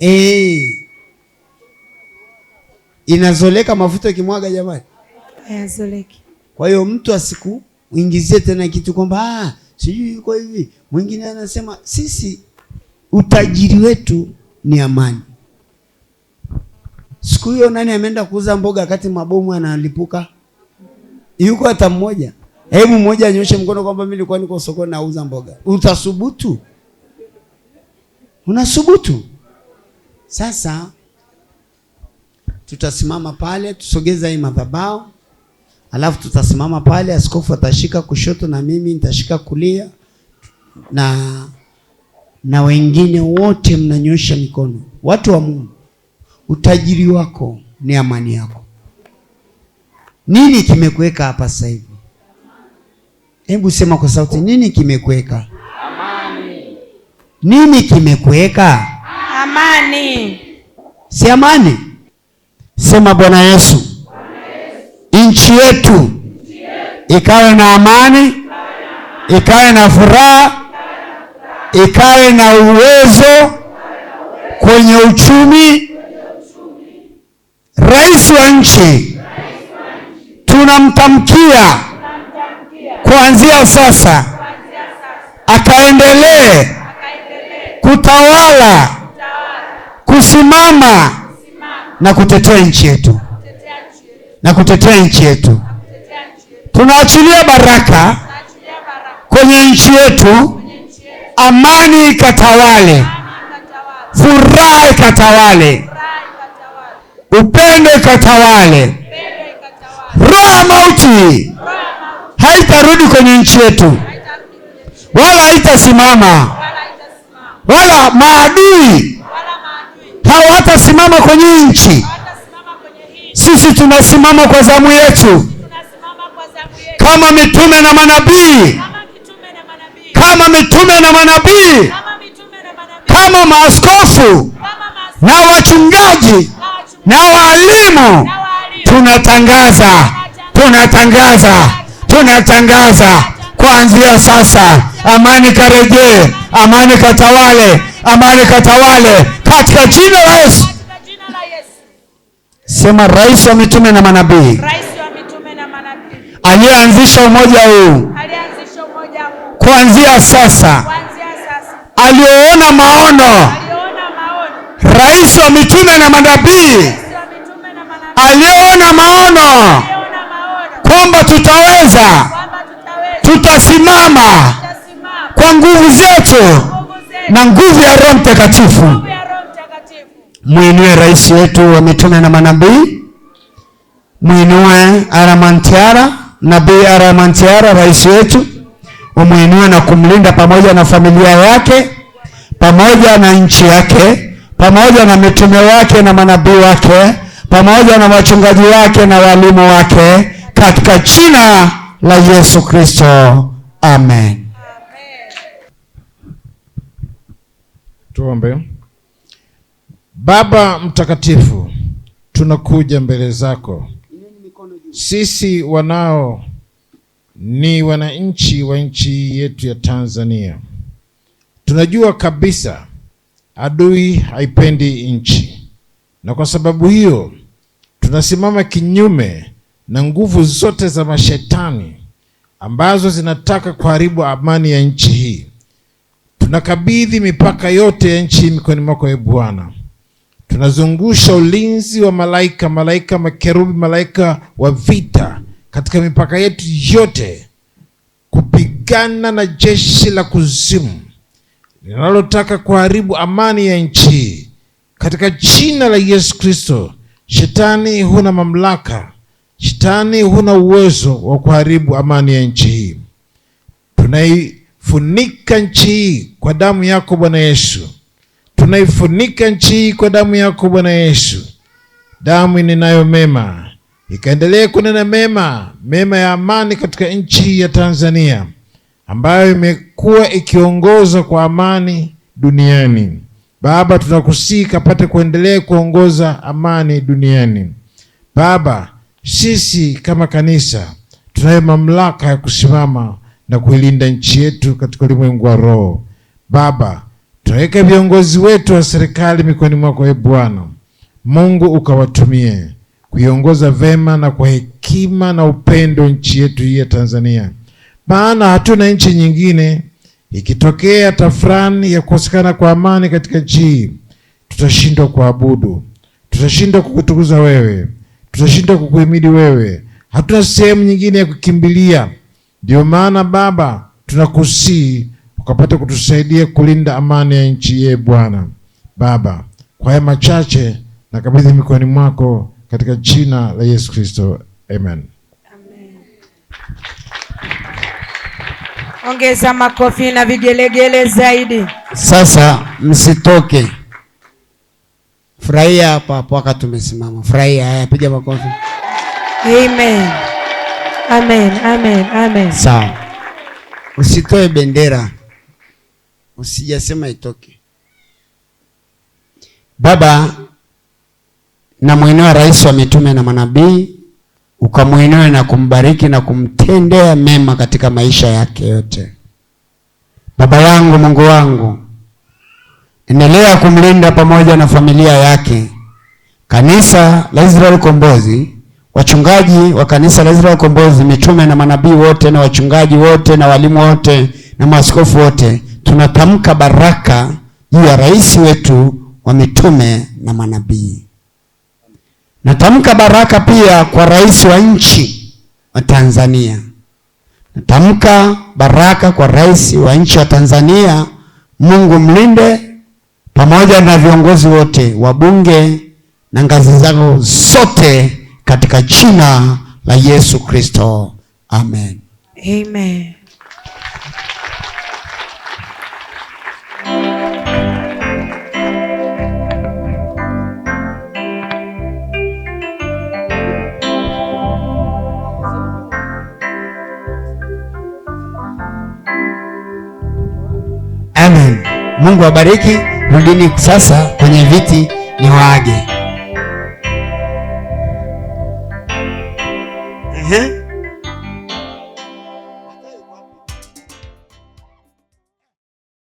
Eh. Inazoleka mafuta kimwaga jamani? Hayazoleki. Kwa hiyo mtu asikuingizie tena kitu kwamba ah, sijui yuko hivi. Mwingine anasema sisi utajiri wetu ni amani. Siku hiyo nani ameenda kuuza mboga wakati mabomu yanalipuka? Yuko hata mmoja? Hebu mmoja anyoshe mkono kwamba mimi nilikuwa niko sokoni nauza mboga. Utasubutu? Unasubutu? Sasa tutasimama pale, tusogeza hii madhabahu, alafu tutasimama pale, askofu atashika kushoto na mimi nitashika kulia, na na wengine wote mnanyosha mikono. Watu wa Mungu, utajiri wako ni amani yako. Nini kimekuweka hapa sasa hivi? Hebu sema kwa sauti, nini kimekuweka? Amani. Nini kimekuweka? amani. Si amani? Sema Bwana Yesu, nchi yetu ikawe na amani, ikawe na furaha, ikawe na uwezo kwenye uchumi. Rais wa nchi tunamtamkia kuanzia sasa akaendelee kutawala kusimama na kutetea nchi yetu na kutetea nchi yetu. Tunaachilia baraka kwenye nchi yetu, amani ikatawale, furaha ikatawale, upendo ikatawale. Roho mauti haitarudi kwenye nchi yetu, wala haitasimama, wala maadui hao hatasimama kwenye nchi. Sisi tunasimama kwa zamu yetu kama mitume na manabii, kama mitume na manabii, kama maaskofu na wachungaji na waalimu, tunatangaza tunatangaza tunatangaza Kuanzia sasa amani karejee, amani katawale, amani katawale katika jina la Yesu. Sema rais wa mitume na manabii aliyeanzisha umoja huu kuanzia sasa, aliyoona maono, rais wa mitume na manabii Mtakatifu, mwinue rais wetu wa mitume na manabii, mwinue Aramantiara, nabii Aramantiara, rais wetu, umwinue na kumlinda pamoja na familia yake pamoja na nchi yake pamoja na mitume wake na manabii wake pamoja na wachungaji wake na walimu wake katika jina la Yesu Kristo, amen. Tuombe. Baba Mtakatifu, tunakuja mbele zako sisi wanao ni wananchi wa nchi yetu ya Tanzania. Tunajua kabisa adui haipendi nchi, na kwa sababu hiyo tunasimama kinyume na nguvu zote za mashetani ambazo zinataka kuharibu amani ya nchi hii. Tunakabidhi mipaka yote ya nchi mikononi mwako ewe Bwana. Tunazungusha ulinzi wa malaika, malaika makerubi, malaika wa vita katika mipaka yetu yote, kupigana na jeshi la kuzimu linalotaka kuharibu amani ya nchi. Katika jina la Yesu Kristo, shetani huna mamlaka, shetani huna uwezo wa kuharibu amani ya nchi hii. Tunai Funika nchi hii kwa damu yako Bwana Yesu. Tunaifunika nchi hii kwa damu yako Bwana Yesu, damu inenayo mema, ikaendelee kunena mema, mema ya amani katika nchi ya Tanzania ambayo imekuwa ikiongoza kwa amani duniani. Baba, tunakusii kapate kuendelea kuongoza amani duniani. Baba, sisi kama kanisa tunayo mamlaka ya kusimama na kuilinda nchi yetu katika ulimwengu wa roho. Baba, tunaweka viongozi wetu wa serikali mikononi mwako, e Bwana Mungu, ukawatumie kuiongoza vema na kwa hekima na upendo nchi yetu hii ya Tanzania, maana hatuna nchi nyingine. Ikitokea tafrani ya kukosekana kwa amani katika nchi hii, tutashindwa kuabudu, tutashindwa kukutukuza wewe, tutashindwa kukuhimidi wewe. Hatuna sehemu nyingine ya kukimbilia ndio maana Baba, tunakusii ukapata kutusaidia kulinda amani ya nchi ye Bwana Baba. Kwa haya machache nakabidhi mikononi mwako katika jina la Yesu Kristo, amen. Amen. Ongeza makofi na vigelegele zaidi. Sasa msitoke, furahia hapa hapo, wakati tumesimama, furahia. Haya, piga makofi. Amen. Amen, amen, amen. Sawa. Usitoe bendera usijasema itoke. Baba na mwenyewe rais wa mitume na manabii ukamwenea na kumbariki na kumtendea mema katika maisha yake yote. Baba yangu, Mungu wangu, endelea kumlinda pamoja na familia yake, kanisa la Israeli Kombozi wachungaji wa kanisa la Israeli Kombozi, mitume na manabii wote na wachungaji wote na walimu wote na maaskofu wote, tunatamka baraka juu ya rais wetu wa mitume na manabii. Natamka baraka pia kwa rais wa nchi wa Tanzania. Natamka baraka kwa rais wa nchi wa Tanzania, Mungu mlinde, pamoja na viongozi wote wa bunge na ngazi zao zote katika jina la Yesu Kristo, amen. Amen. Mungu awabariki. Rudini sasa kwenye viti ni waage. হ্যাঁ